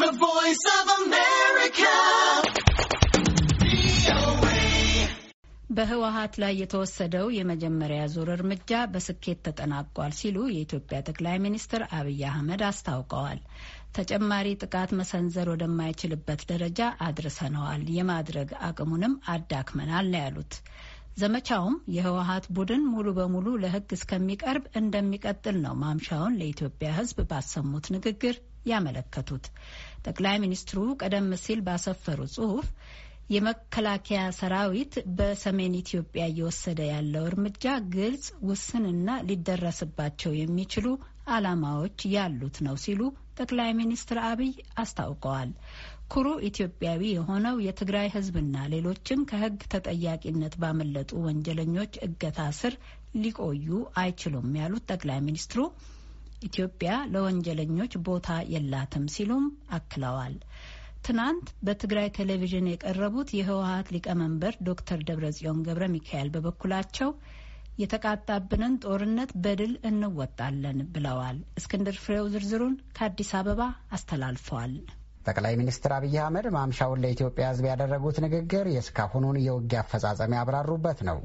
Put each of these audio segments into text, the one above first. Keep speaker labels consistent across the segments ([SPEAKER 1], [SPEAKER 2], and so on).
[SPEAKER 1] The Voice of America.
[SPEAKER 2] በህወሀት ላይ የተወሰደው የመጀመሪያ ዙር እርምጃ በስኬት ተጠናቋል ሲሉ የኢትዮጵያ ጠቅላይ ሚኒስትር አብይ አህመድ አስታውቀዋል። ተጨማሪ ጥቃት መሰንዘር ወደማይችልበት ደረጃ አድርሰነዋል፣ የማድረግ አቅሙንም አዳክመናል ነው ያሉት። ዘመቻውም የህወሀት ቡድን ሙሉ በሙሉ ለህግ እስከሚቀርብ እንደሚቀጥል ነው ማምሻውን ለኢትዮጵያ ህዝብ ባሰሙት ንግግር ያመለከቱት። ጠቅላይ ሚኒስትሩ ቀደም ሲል ባሰፈሩ ጽሁፍ የመከላከያ ሰራዊት በሰሜን ኢትዮጵያ እየወሰደ ያለው እርምጃ ግልጽ፣ ውስንና ሊደረስባቸው የሚችሉ ዓላማዎች ያሉት ነው ሲሉ ጠቅላይ ሚኒስትር አብይ አስታውቀዋል። ኩሩ ኢትዮጵያዊ የሆነው የትግራይ ህዝብና ሌሎችም ከህግ ተጠያቂነት ባመለጡ ወንጀለኞች እገታ ስር ሊቆዩ አይችሉም ያሉት ጠቅላይ ሚኒስትሩ ኢትዮጵያ ለወንጀለኞች ቦታ የላትም ሲሉም አክለዋል። ትናንት በትግራይ ቴሌቪዥን የቀረቡት የህወሀት ሊቀመንበር ዶክተር ደብረጽዮን ገብረ ሚካኤል በበኩላቸው የተቃጣብንን ጦርነት በድል እንወጣለን ብለዋል። እስክንድር ፍሬው ዝርዝሩን ከአዲስ አበባ አስተላልፈዋል።
[SPEAKER 3] ጠቅላይ ሚኒስትር አብይ አህመድ ማምሻውን ለኢትዮጵያ ሕዝብ ያደረጉት ንግግር የእስካሁኑን የውጊያ አፈጻጸም ያብራሩበት ነው።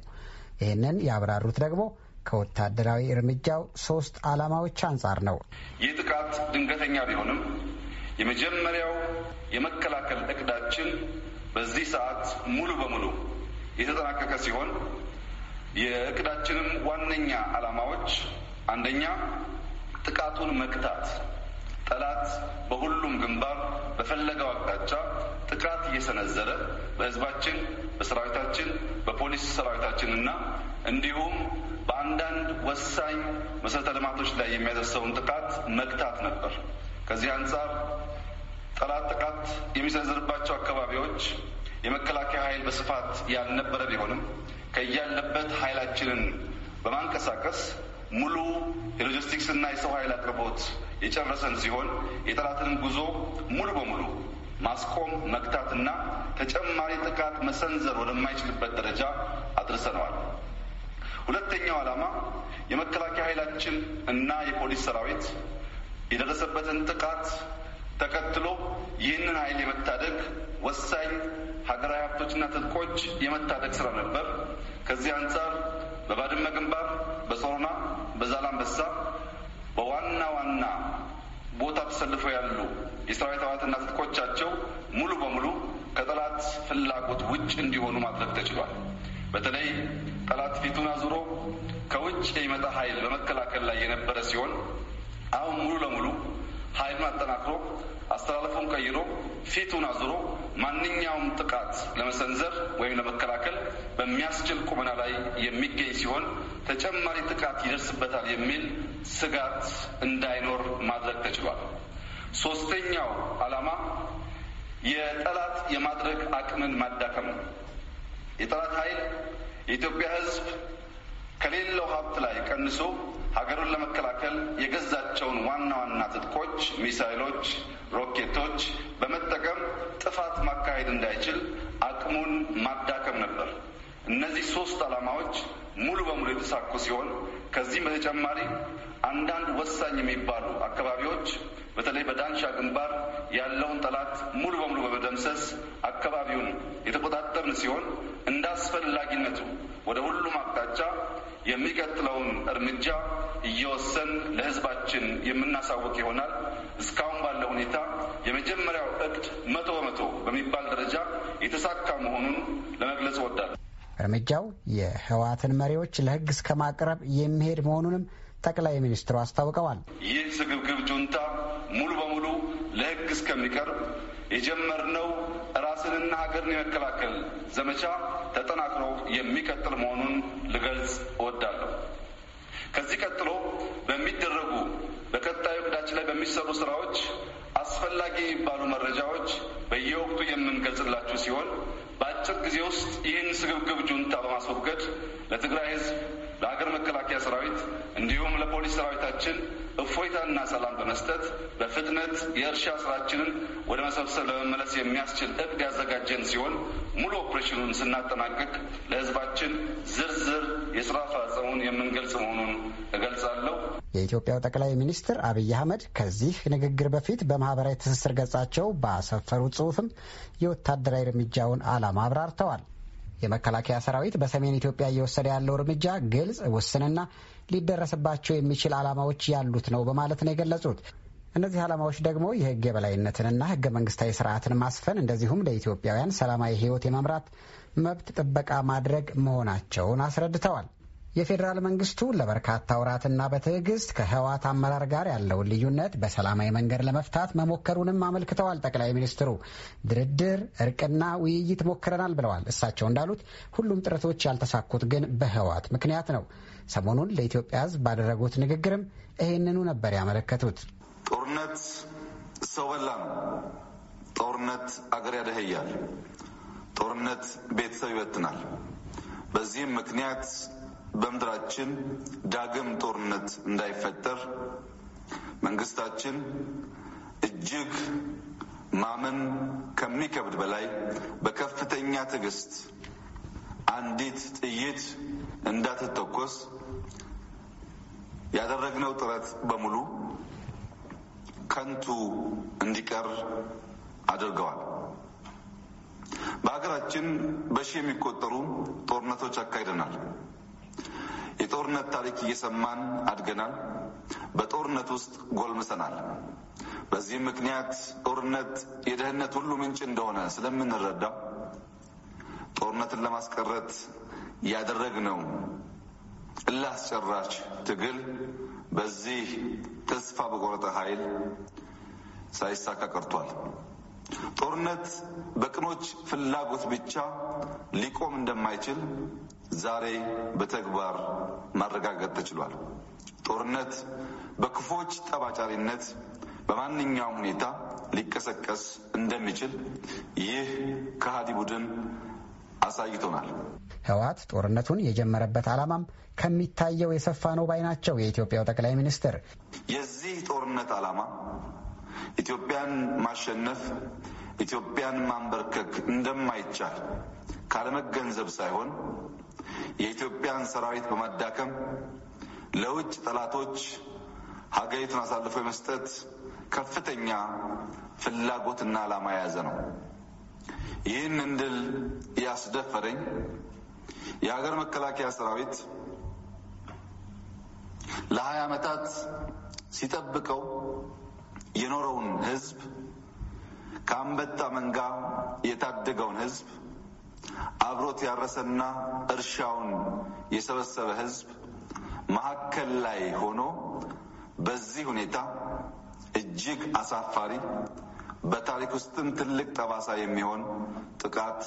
[SPEAKER 3] ይህንን ያብራሩት ደግሞ ከወታደራዊ እርምጃው ሶስት ዓላማዎች አንጻር ነው።
[SPEAKER 1] ይህ ጥቃት ድንገተኛ ቢሆንም የመጀመሪያው የመከላከል እቅዳችን በዚህ ሰዓት ሙሉ በሙሉ የተጠናቀቀ ሲሆን የእቅዳችንም ዋነኛ ዓላማዎች አንደኛ ጥቃቱን መክታት ጠላት በሁሉም ግንባር በፈለገው አቅጣጫ ጥቃት እየሰነዘረ በህዝባችን በሰራዊታችን፣ በፖሊስ ሰራዊታችንና እንዲሁም በአንዳንድ ወሳኝ መሰረተ ልማቶች ላይ የሚያደርሰውን ጥቃት መግታት ነበር። ከዚህ አንጻር ጠላት ጥቃት የሚሰነዝርባቸው አካባቢዎች የመከላከያ ኃይል በስፋት ያልነበረ ቢሆንም ከያለበት ኃይላችንን በማንቀሳቀስ ሙሉ የሎጂስቲክስ እና የሰው ኃይል አቅርቦት የጨረሰን ሲሆን የጠላትን ጉዞ ሙሉ በሙሉ ማስቆም መግታትና ተጨማሪ ጥቃት መሰንዘር ወደማይችልበት ደረጃ አድርሰነዋል። ሁለተኛው ዓላማ የመከላከያ ኃይላችን እና የፖሊስ ሰራዊት የደረሰበትን ጥቃት ተከትሎ ይህንን ኃይል የመታደግ ወሳኝ ሀገራዊ ሀብቶችና ትጥቆች የመታደግ ስራ ነበር። ከዚህ አንጻር በባድመ ግንባር፣ በሶሮና፣ በዛላምበሳ በዋና ዋና ቦታ ተሰልፈው ያሉ የሰራዊት አባላትና ትጥቆቻቸው ሙሉ በሙሉ ከጠላት ፍላጎት ውጭ እንዲሆኑ ማድረግ ተችሏል። በተለይ ጠላት ፊቱን አዙሮ ከውጭ የሚመጣ ኃይል በመከላከል ላይ የነበረ ሲሆን አሁን ሙሉ ለሙሉ ኃይሉን አጠናክሮ አስተላለፉን ቀይሮ ፊቱን አዙሮ ማንኛውም ጥቃት ለመሰንዘር ወይም ለመከላከል በሚያስችል ቁመና ላይ የሚገኝ ሲሆን ተጨማሪ ጥቃት ይደርስበታል የሚል ስጋት እንዳይኖር ማድረግ ተችሏል። ሶስተኛው ዓላማ የጠላት የማድረግ አቅምን ማዳከም ነው። የጠላት ኃይል የኢትዮጵያ ሕዝብ ከሌለው ሀብት ላይ ቀንሶ ሀገሩን ለመከላከል የገዛቸውን ዋና ዋና ትጥቆች፣ ሚሳይሎች፣ ሮኬቶች በመጠቀም ጥፋት ማካሄድ እንዳይችል አቅሙን ማዳከም ነበር። እነዚህ ሶስት ዓላማዎች ሙሉ በሙሉ የተሳኩ ሲሆን ከዚህም በተጨማሪ አንዳንድ ወሳኝ የሚባሉ አካባቢዎች በተለይ በዳንሻ ግንባር ያለውን ጠላት ሙሉ በሙሉ በመደምሰስ አካባቢውን የተቆጣጠርን ሲሆን እንደ አስፈላጊነቱ ወደ ሁሉም አቅጣጫ የሚቀጥለውን እርምጃ እየወሰን ለህዝባችን የምናሳውቅ ይሆናል። እስካሁን ባለው ሁኔታ የመጀመሪያው እቅድ መቶ በመቶ በሚባል ደረጃ የተሳካ መሆኑን ለመግለጽ ወዳል።
[SPEAKER 3] እርምጃው የህወሓትን መሪዎች ለህግ እስከ ማቅረብ የሚሄድ መሆኑንም ጠቅላይ ሚኒስትሩ አስታውቀዋል። ይህ ስግብግብ ጁንታ ሙሉ በሙሉ ለህግ
[SPEAKER 1] እስከሚቀርብ የጀመርነው ራስንና ሀገርን የመከላከል ዘመቻ ተጠናክሮ የሚቀጥል መሆኑን ልገልጽ እወዳለሁ። ከዚህ ቀጥሎ በሚደረጉ በቀጣዩ ዕቅዳችን ላይ በሚሰሩ ስራዎች አስፈላጊ የሚባሉ መረጃዎች በየወቅቱ የምንገልጽላችሁ ሲሆን በአጭር ጊዜ ውስጥ ይህን ስግብግብ ጁንታ በማስወገድ ለትግራይ ህዝብ ለሀገር መከላከያ ሰራዊት እንዲሁም ለፖሊስ ሰራዊታችን እፎይታና ሰላም በመስጠት በፍጥነት የእርሻ ስራችንን ወደ መሰብሰብ ለመመለስ የሚያስችል እቅድ ያዘጋጀን ሲሆን ሙሉ ኦፕሬሽኑን ስናጠናቅቅ ለህዝባችን ዝርዝር የስራ አፈጻጸሙን የምንገልጽ መሆኑን እገልጻለሁ።
[SPEAKER 3] የኢትዮጵያው ጠቅላይ ሚኒስትር አብይ አህመድ ከዚህ ንግግር በፊት በማህበራዊ ትስስር ገጻቸው ባሰፈሩት ጽሁፍም የወታደራዊ እርምጃውን ዓላማ አብራርተዋል። የመከላከያ ሰራዊት በሰሜን ኢትዮጵያ እየወሰደ ያለው እርምጃ ግልጽ ውስንና ሊደረስባቸው የሚችል ዓላማዎች ያሉት ነው በማለት ነው የገለጹት። እነዚህ ዓላማዎች ደግሞ የህግ የበላይነትንና ህገ መንግስታዊ ስርዓትን ማስፈን እንደዚሁም ለኢትዮጵያውያን ሰላማዊ ህይወት የመምራት መብት ጥበቃ ማድረግ መሆናቸውን አስረድተዋል። የፌዴራል መንግስቱ ለበርካታ ወራትና በትዕግስት ከህወሓት አመራር ጋር ያለውን ልዩነት በሰላማዊ መንገድ ለመፍታት መሞከሩንም አመልክተዋል። ጠቅላይ ሚኒስትሩ ድርድር፣ እርቅና ውይይት ሞክረናል ብለዋል። እሳቸው እንዳሉት ሁሉም ጥረቶች ያልተሳኩት ግን በህወሓት ምክንያት ነው። ሰሞኑን ለኢትዮጵያ ህዝብ ባደረጉት ንግግርም ይህንኑ ነበር ያመለከቱት።
[SPEAKER 1] ጦርነት ሰው በላ ነው። ጦርነት አገር ያደህያል። ጦርነት ቤተሰብ ይበትናል። በዚህም ምክንያት በምድራችን ዳግም ጦርነት እንዳይፈጠር መንግስታችን እጅግ ማመን ከሚከብድ በላይ በከፍተኛ ትዕግስት አንዲት ጥይት እንዳትተኮስ ያደረግነው ጥረት በሙሉ ከንቱ እንዲቀር አድርገዋል። በሀገራችን በሺ የሚቆጠሩ ጦርነቶች አካሂደናል። የጦርነት ታሪክ እየሰማን አድገናል። በጦርነት ውስጥ ጎልምሰናል። በዚህም ምክንያት ጦርነት የደህንነት ሁሉ ምንጭ እንደሆነ ስለምንረዳ ጦርነትን ለማስቀረት ያደረግነው እልህ አስጨራሽ ትግል በዚህ ተስፋ በቆረጠ ኃይል ሳይሳካ ቀርቷል። ጦርነት በቅኖች ፍላጎት ብቻ ሊቆም እንደማይችል ዛሬ በተግባር ማረጋገጥ ተችሏል። ጦርነት በክፎች ጠባጫሪነት በማንኛውም ሁኔታ ሊቀሰቀስ እንደሚችል ይህ ከሃዲ ቡድን አሳይቶናል።
[SPEAKER 3] ህወሓት ጦርነቱን የጀመረበት ዓላማም ከሚታየው የሰፋ ነው ባይ ናቸው። የኢትዮጵያው ጠቅላይ ሚኒስትር
[SPEAKER 1] የዚህ ጦርነት ዓላማ ኢትዮጵያን ማሸነፍ፣ ኢትዮጵያን ማንበርከክ እንደማይቻል ካለመገንዘብ ሳይሆን የኢትዮጵያን ሰራዊት በማዳከም ለውጭ ጠላቶች ሀገሪቱን አሳልፎ የመስጠት ከፍተኛ ፍላጎትና ዓላማ የያዘ ነው። ይህን እንድል ያስደፈረኝ የሀገር መከላከያ ሰራዊት ለሀያ ዓመታት ሲጠብቀው የኖረውን ህዝብ ከአንበጣ መንጋ የታደገውን ህዝብ አብሮት ያረሰና እርሻውን የሰበሰበ ህዝብ መሀከል ላይ ሆኖ በዚህ ሁኔታ እጅግ አሳፋሪ በታሪክ ውስጥም ትልቅ ጠባሳ የሚሆን ጥቃት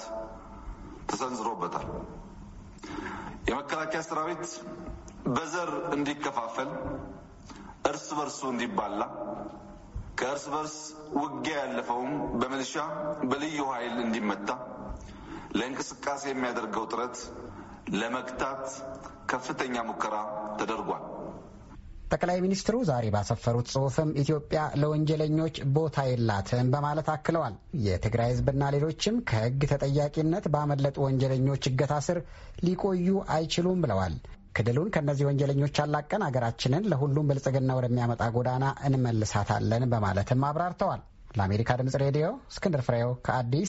[SPEAKER 1] ተሰንዝሮበታል። የመከላከያ ሰራዊት በዘር እንዲከፋፈል፣ እርስ በርሱ እንዲባላ፣ ከእርስ በርስ ውጊያ ያለፈውም በሚሊሻ በልዩ ኃይል እንዲመታ ለእንቅስቃሴ የሚያደርገው ጥረት ለመግታት ከፍተኛ ሙከራ ተደርጓል።
[SPEAKER 3] ጠቅላይ ሚኒስትሩ ዛሬ ባሰፈሩት ጽሑፍም ኢትዮጵያ ለወንጀለኞች ቦታ የላትም በማለት አክለዋል። የትግራይ ህዝብና ሌሎችም ከህግ ተጠያቂነት ባመለጡ ወንጀለኞች እገታ ስር ሊቆዩ አይችሉም ብለዋል። ክልሉን ከእነዚህ ወንጀለኞች አላቀን አገራችንን ለሁሉም ብልጽግና ወደሚያመጣ ጎዳና እንመልሳታለን በማለትም አብራርተዋል። ለአሜሪካ ድምጽ ሬዲዮ እስክንድር ፍሬው ከአዲስ